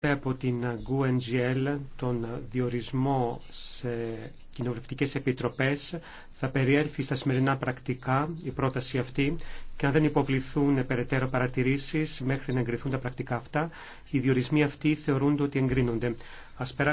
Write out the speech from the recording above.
από την GUNGL τον διορισμό σε κοινοβουλευτικές επιτροπές θα περιέλθει στα σημερινά πρακτικά η πρόταση αυτή και αν δεν υποβληθούν περαιτέρω παρατηρήσεις μέχρι να εγκριθούν τα πρακτικά αυτά οι διορισμοί αυτοί θεωρούνται ότι εγκρίνονται.